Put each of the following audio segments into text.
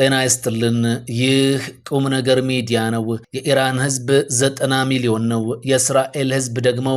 ጤና ይስጥልን። ይህ ቁም ነገር ሚዲያ ነው። የኢራን ህዝብ ዘጠና ሚሊዮን ነው። የእስራኤል ህዝብ ደግሞ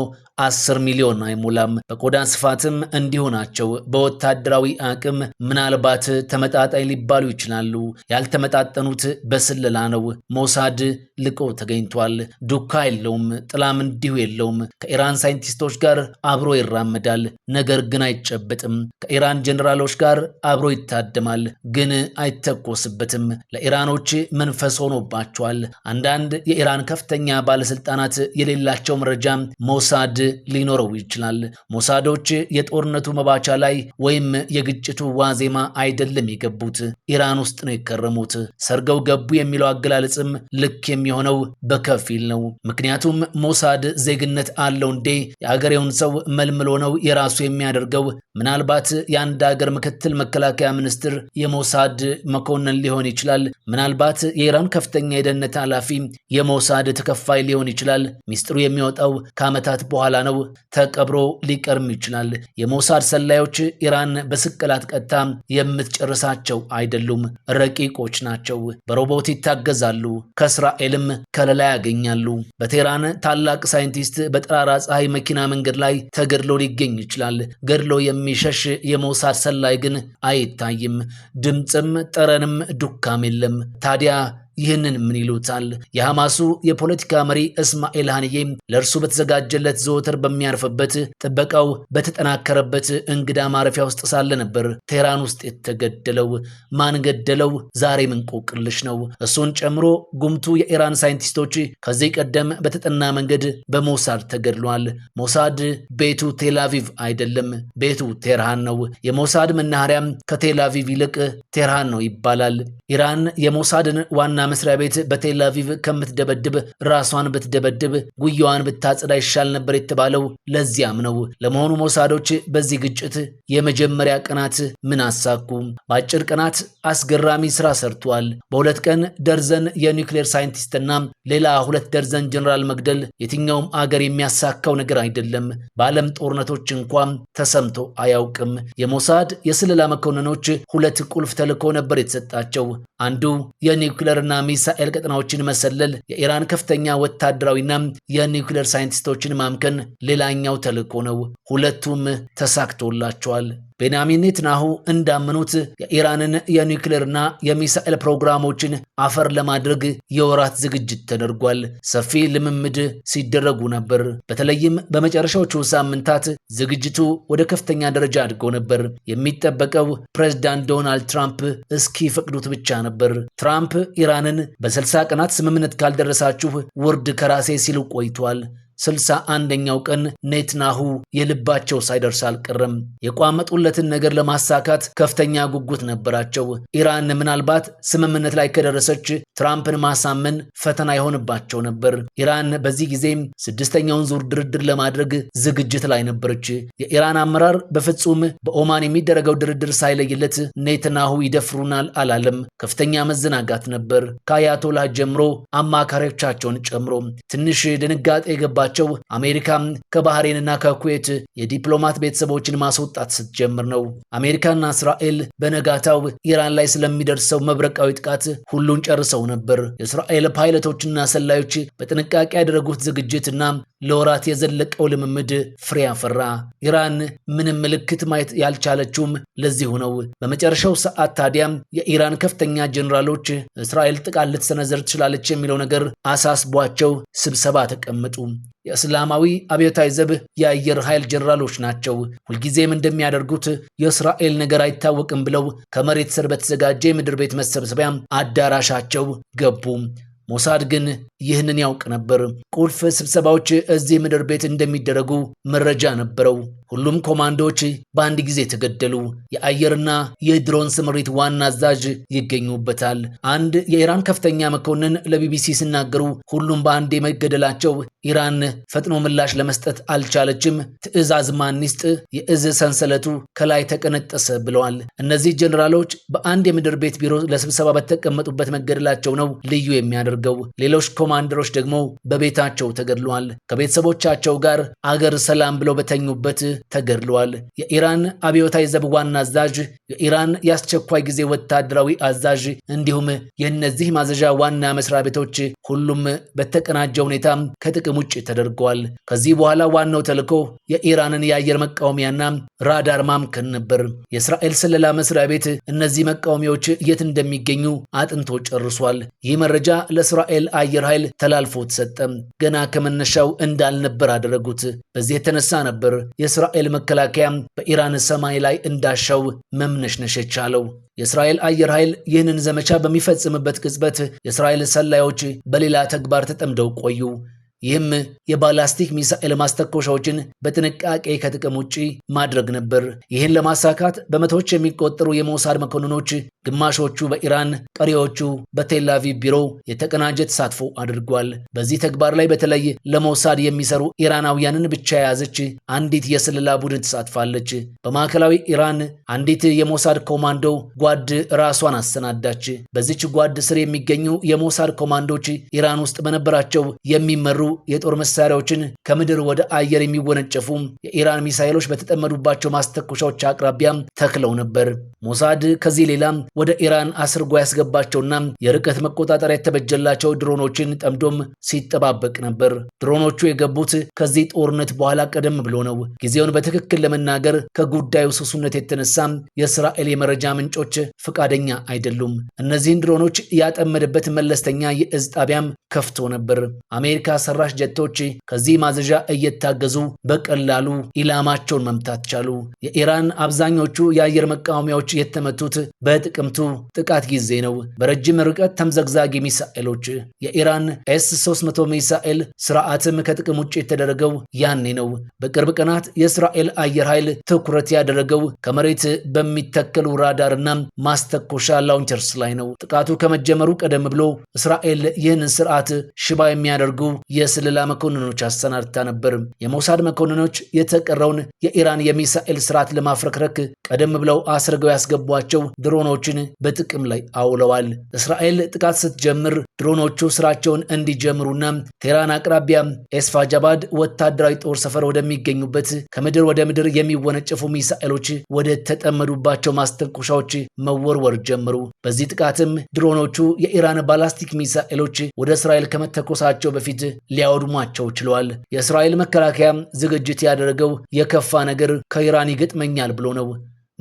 አስር ሚሊዮን አይሞላም። በቆዳ ስፋትም እንዲሁ ናቸው። በወታደራዊ አቅም ምናልባት ተመጣጣኝ ሊባሉ ይችላሉ። ያልተመጣጠኑት በስለላ ነው። ሞሳድ ልቆ ተገኝቷል። ዱካ የለውም፣ ጥላም እንዲሁ የለውም። ከኢራን ሳይንቲስቶች ጋር አብሮ ይራመዳል፣ ነገር ግን አይጨበጥም። ከኢራን ጀኔራሎች ጋር አብሮ ይታደማል፣ ግን አይተኮስም። ቢደርስበትም ለኢራኖች መንፈስ ሆኖባቸዋል። አንዳንድ የኢራን ከፍተኛ ባለስልጣናት የሌላቸው መረጃ ሞሳድ ሊኖረው ይችላል። ሞሳዶች የጦርነቱ መባቻ ላይ ወይም የግጭቱ ዋዜማ አይደለም የገቡት፣ ኢራን ውስጥ ነው የከረሙት። ሰርገው ገቡ የሚለው አገላለጽም ልክ የሚሆነው በከፊል ነው። ምክንያቱም ሞሳድ ዜግነት አለው እንዴ? የአገሬውን ሰው መልምሎ ነው የራሱ የሚያደርገው። ምናልባት የአንድ አገር ምክትል መከላከያ ሚኒስትር የሞሳድ መኮንን ሆነን ሊሆን ይችላል። ምናልባት የኢራን ከፍተኛ የደህንነት ኃላፊ የሞሳድ ተከፋይ ሊሆን ይችላል። ሚስጥሩ የሚወጣው ከዓመታት በኋላ ነው። ተቀብሮ ሊቀርም ይችላል። የሞሳድ ሰላዮች ኢራን በስቅላት ቀጥታ የምትጨርሳቸው አይደሉም። ረቂቆች ናቸው። በሮቦት ይታገዛሉ። ከእስራኤልም ከለላ ያገኛሉ። በቴህራን ታላቅ ሳይንቲስት በጠራራ ፀሐይ መኪና መንገድ ላይ ተገድሎ ሊገኝ ይችላል። ገድሎ የሚሸሽ የሞሳድ ሰላይ ግን አይታይም። ድምፅም ጠረንም ዱካም የለም። ታዲያ ይህንን ምን ይሉታል? የሐማሱ የፖለቲካ መሪ እስማኤል ሀንዬ ለእርሱ በተዘጋጀለት ዘወትር በሚያርፍበት ጥበቃው በተጠናከረበት እንግዳ ማረፊያ ውስጥ ሳለ ነበር ቴህራን ውስጥ የተገደለው። ማን ገደለው? ዛሬ ምንቆቅልሽ ነው። እሱን ጨምሮ ጉምቱ የኢራን ሳይንቲስቶች ከዚህ ቀደም በተጠና መንገድ በሞሳድ ተገድሏል። ሞሳድ ቤቱ ቴላቪቭ አይደለም፣ ቤቱ ቴርሃን ነው። የሞሳድ መናኸሪያም ከቴላቪቭ ይልቅ ቴርሃን ነው ይባላል። ኢራን የሞሳድን ዋና ዋና መስሪያ ቤት በቴል አቪቭ ከምትደበድብ ራሷን ብትደበድብ ጉያዋን ብታጽዳ ይሻል ነበር የተባለው ለዚያም ነው። ለመሆኑ ሞሳዶች በዚህ ግጭት የመጀመሪያ ቀናት ምን አሳኩ? በአጭር ቀናት አስገራሚ ስራ ሰርቷል። በሁለት ቀን ደርዘን የኒውክሌር ሳይንቲስትና ሌላ ሁለት ደርዘን ጀኔራል መግደል የትኛውም አገር የሚያሳካው ነገር አይደለም። በዓለም ጦርነቶች እንኳን ተሰምቶ አያውቅም። የሞሳድ የስለላ መኮንኖች ሁለት ቁልፍ ተልዕኮ ነበር የተሰጣቸው። አንዱ የኒውክሌርና ሮኬትና ሚሳኤል ቀጠናዎችን መሰለል፣ የኢራን ከፍተኛ ወታደራዊና የኒውክሌር ሳይንቲስቶችን ማምከን ሌላኛው ተልዕኮ ነው። ሁለቱም ተሳክቶላቸዋል። ቤንያሚን ኔትናሁ እንዳመኑት የኢራንን የኒውክሌርና የሚሳኤል ፕሮግራሞችን አፈር ለማድረግ የወራት ዝግጅት ተደርጓል። ሰፊ ልምምድ ሲደረጉ ነበር። በተለይም በመጨረሻዎቹ ሳምንታት ዝግጅቱ ወደ ከፍተኛ ደረጃ አድጎ ነበር። የሚጠበቀው ፕሬዝዳንት ዶናልድ ትራምፕ እስኪፈቅዱት ብቻ ነበር። ትራምፕ ኢራን ሱዳንን በ60 ቀናት ስምምነት ካልደረሳችሁ ውርድ ከራሴ ሲል ቆይቷል። ስልሳ አንደኛው ቀን ኔትናሁ የልባቸው ሳይደርስ አልቀረም። የቋመጡለትን ነገር ለማሳካት ከፍተኛ ጉጉት ነበራቸው። ኢራን ምናልባት ስምምነት ላይ ከደረሰች ትራምፕን ማሳመን ፈተና ይሆንባቸው ነበር። ኢራን በዚህ ጊዜም ስድስተኛውን ዙር ድርድር ለማድረግ ዝግጅት ላይ ነበረች። የኢራን አመራር በፍጹም በኦማን የሚደረገው ድርድር ሳይለይለት ኔትናሁ ይደፍሩናል አላለም። ከፍተኛ መዘናጋት ነበር፣ ከአያቶላህ ጀምሮ አማካሪዎቻቸውን ጨምሮ ትንሽ ድንጋጤ የገባ መሆናቸው አሜሪካም ከባህሬንና ከኩዌት የዲፕሎማት ቤተሰቦችን ማስወጣት ስትጀምር ነው። አሜሪካና እስራኤል በነጋታው ኢራን ላይ ስለሚደርሰው መብረቃዊ ጥቃት ሁሉን ጨርሰው ነበር። የእስራኤል ፓይለቶችና ሰላዮች በጥንቃቄ ያደረጉት ዝግጅትና ለወራት የዘለቀው ልምምድ ፍሬ አፈራ። ኢራን ምንም ምልክት ማየት ያልቻለችውም ለዚሁ ነው። በመጨረሻው ሰዓት ታዲያም የኢራን ከፍተኛ ጀኔራሎች እስራኤል ጥቃት ልትሰነዘር ትችላለች የሚለው ነገር አሳስቧቸው ስብሰባ ተቀመጡ። የእስላማዊ አብዮታዊ ዘብ የአየር ኃይል ጀነራሎች ናቸው። ሁልጊዜም እንደሚያደርጉት የእስራኤል ነገር አይታወቅም ብለው ከመሬት ስር በተዘጋጀ የምድር ቤት መሰብሰቢያ አዳራሻቸው ገቡ። ሞሳድ ግን ይህንን ያውቅ ነበር። ቁልፍ ስብሰባዎች እዚህ ምድር ቤት እንደሚደረጉ መረጃ ነበረው። ሁሉም ኮማንዶዎች በአንድ ጊዜ ተገደሉ። የአየርና የድሮን ስምሪት ዋና አዛዥ ይገኙበታል። አንድ የኢራን ከፍተኛ መኮንን ለቢቢሲ ሲናገሩ ሁሉም በአንድ የመገደላቸው ኢራን ፈጥኖ ምላሽ ለመስጠት አልቻለችም፣ ትዕዛዝ ማን ይስጥ፣ የእዝ ሰንሰለቱ ከላይ ተቀነጠሰ ብለዋል። እነዚህ ጀኔራሎች በአንድ የምድር ቤት ቢሮ ለስብሰባ በተቀመጡበት መገደላቸው ነው ልዩ የሚያደርገው ሌሎች ኮማንደሮች ደግሞ በቤታቸው ተገድለዋል። ከቤተሰቦቻቸው ጋር አገር ሰላም ብለው በተኙበት ተገድለዋል። የኢራን አብዮታዊ ዘብ ዋና አዛዥ፣ የኢራን የአስቸኳይ ጊዜ ወታደራዊ አዛዥ እንዲሁም የእነዚህ ማዘዣ ዋና መስሪያ ቤቶች ሁሉም በተቀናጀ ሁኔታ ከጥቅም ውጭ ተደርገዋል። ከዚህ በኋላ ዋናው ተልዕኮ የኢራንን የአየር መቃወሚያና ራዳር ማምከን ነበር። የእስራኤል ስለላ መስሪያ ቤት እነዚህ መቃወሚያዎች የት እንደሚገኙ አጥንቶ ጨርሷል። ይህ መረጃ ለእስራኤል አየር ኃይል ኃይል ተላልፎ ተሰጠም። ገና ከመነሻው እንዳልነበር አደረጉት። በዚህ የተነሳ ነበር የእስራኤል መከላከያ በኢራን ሰማይ ላይ እንዳሻው መምነሽነሽ የቻለው። የእስራኤል አየር ኃይል ይህንን ዘመቻ በሚፈጽምበት ቅጽበት የእስራኤል ሰላዮች በሌላ ተግባር ተጠምደው ቆዩ። ይህም የባላስቲክ ሚሳኤል ማስተኮሻዎችን በጥንቃቄ ከጥቅም ውጪ ማድረግ ነበር። ይህን ለማሳካት በመቶዎች የሚቆጠሩ የሞሳድ መኮንኖች ግማሾቹ በኢራን ቀሪዎቹ በቴላቪቭ ቢሮ የተቀናጀ ተሳትፎ አድርጓል። በዚህ ተግባር ላይ በተለይ ለሞሳድ የሚሰሩ ኢራናውያንን ብቻ የያዘች አንዲት የስለላ ቡድን ተሳትፋለች። በማዕከላዊ ኢራን አንዲት የሞሳድ ኮማንዶ ጓድ ራሷን አሰናዳች። በዚች ጓድ ስር የሚገኙ የሞሳድ ኮማንዶች ኢራን ውስጥ በነበራቸው የሚመሩ የጦር መሳሪያዎችን ከምድር ወደ አየር የሚወነጨፉ የኢራን ሚሳይሎች በተጠመዱባቸው ማስተኮሻዎች አቅራቢያ ተክለው ነበር። ሞሳድ ከዚህ ሌላ ወደ ኢራን አስርጎ ያስገባቸውና የርቀት መቆጣጠሪያ የተበጀላቸው ድሮኖችን ጠምዶም ሲጠባበቅ ነበር። ድሮኖቹ የገቡት ከዚህ ጦርነት በኋላ ቀደም ብሎ ነው። ጊዜውን በትክክል ለመናገር ከጉዳዩ ስሱነት የተነሳ የእስራኤል የመረጃ ምንጮች ፈቃደኛ አይደሉም። እነዚህን ድሮኖች ያጠመደበት መለስተኛ የእዝ ጣቢያም ከፍቶ ነበር። አሜሪካ ሰራ ደራሽ ጀቶች ከዚህ ማዘዣ እየታገዙ በቀላሉ ኢላማቸውን መምታት ቻሉ። የኢራን አብዛኞቹ የአየር መቃወሚያዎች የተመቱት በጥቅምቱ ጥቃት ጊዜ ነው። በረጅም ርቀት ተምዘግዛጊ ሚሳኤሎች የኢራን ኤስ 300 ሚሳኤል ስርዓትም ከጥቅም ውጭ የተደረገው ያኔ ነው። በቅርብ ቀናት የእስራኤል አየር ኃይል ትኩረት ያደረገው ከመሬት በሚተከሉ ራዳርና ማስተኮሻ ላውንቸርስ ላይ ነው። ጥቃቱ ከመጀመሩ ቀደም ብሎ እስራኤል ይህንን ስርዓት ሽባ የሚያደርጉ የስለላ መኮንኖች አሰናድታ ነበር። የሞሳድ መኮንኖች የተቀረውን የኢራን የሚሳኤል ስርዓት ለማፍረክረክ ቀደም ብለው አስርገው ያስገቧቸው ድሮኖችን በጥቅም ላይ አውለዋል። እስራኤል ጥቃት ስትጀምር ድሮኖቹ ስራቸውን እንዲጀምሩና ቴህራን አቅራቢያ ኤስፋጃባድ ወታደራዊ ጦር ሰፈር ወደሚገኙበት ከምድር ወደ ምድር የሚወነጨፉ ሚሳኤሎች ወደ ተጠመዱባቸው ማስተንቆሻዎች መወርወር ጀምሩ። በዚህ ጥቃትም ድሮኖቹ የኢራን ባላስቲክ ሚሳኤሎች ወደ እስራኤል ከመተኮሳቸው በፊት ሊያወድሟቸው ችለዋል። የእስራኤል መከላከያ ዝግጅት ያደረገው የከፋ ነገር ከኢራን ይገጥመኛል ብሎ ነው።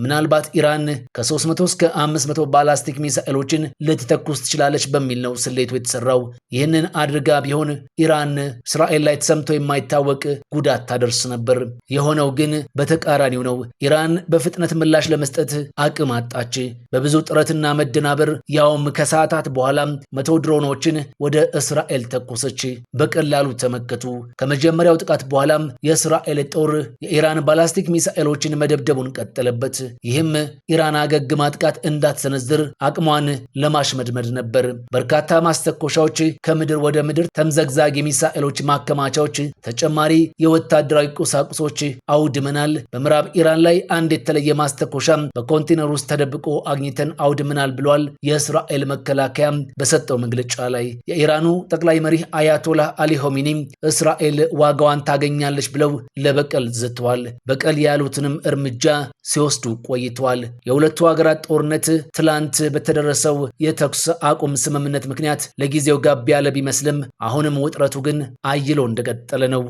ምናልባት ኢራን ከ300 እስከ 500 ባላስቲክ ሚሳኤሎችን ልትተኩስ ትችላለች በሚል ነው ስሌቱ የተሰራው። ይህንን አድርጋ ቢሆን ኢራን እስራኤል ላይ ተሰምቶ የማይታወቅ ጉዳት ታደርስ ነበር። የሆነው ግን በተቃራኒው ነው። ኢራን በፍጥነት ምላሽ ለመስጠት አቅም አጣች። በብዙ ጥረትና መደናበር ያውም ከሰዓታት በኋላ መቶ ድሮኖችን ወደ እስራኤል ተኮሰች። በቀላሉ ተመከቱ። ከመጀመሪያው ጥቃት በኋላም የእስራኤል ጦር የኢራን ባላስቲክ ሚሳኤሎችን መደብደቡን ቀጠለበት። ይህም ኢራን አገግ ማጥቃት እንዳትሰነዝር አቅሟን ለማሽመድመድ ነበር። በርካታ ማስተኮሻዎች፣ ከምድር ወደ ምድር ተምዘግዛጊ ሚሳኤሎች ማከማቻዎች፣ ተጨማሪ የወታደራዊ ቁሳቁሶች አውድመናል። በምዕራብ ኢራን ላይ አንድ የተለየ ማስተኮሻ በኮንቴነር ውስጥ ተደብቆ አግኝተን አውድመናል ብሏል። የእስራኤል መከላከያ በሰጠው መግለጫ ላይ የኢራኑ ጠቅላይ መሪ አያቶላህ አሊ ሆሚኒም እስራኤል ዋጋዋን ታገኛለች ብለው ለበቀል ዝተዋል። በቀል ያሉትንም እርምጃ ሲወስዱ ቆይተዋል። የሁለቱ ሀገራት ጦርነት ትላንት በተደረሰው የተኩስ አቁም ስምምነት ምክንያት ለጊዜው ጋብ ያለ ቢመስልም አሁንም ውጥረቱ ግን አይሎ እንደቀጠለ ነው።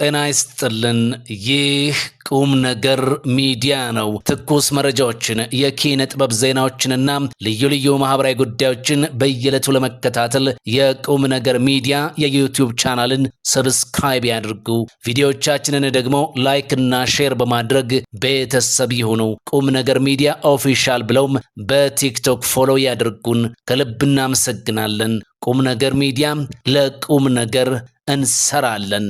ጤና ይስጥልን። ይህ ቁም ነገር ሚዲያ ነው። ትኩስ መረጃዎችን፣ የኪነ ጥበብ ዜናዎችንና ልዩ ልዩ ማህበራዊ ጉዳዮችን በየዕለቱ ለመከታተል የቁም ነገር ሚዲያ የዩቲዩብ ቻናልን ሰብስክራይብ ያድርጉ። ቪዲዮዎቻችንን ደግሞ ላይክ እና ሼር በማድረግ ቤተሰብ ይሁኑ። ቁም ነገር ሚዲያ ኦፊሻል ብለውም በቲክቶክ ፎሎ ያድርጉን። ከልብ እናመሰግናለን። ቁም ነገር ሚዲያ ለቁም ነገር እንሰራለን።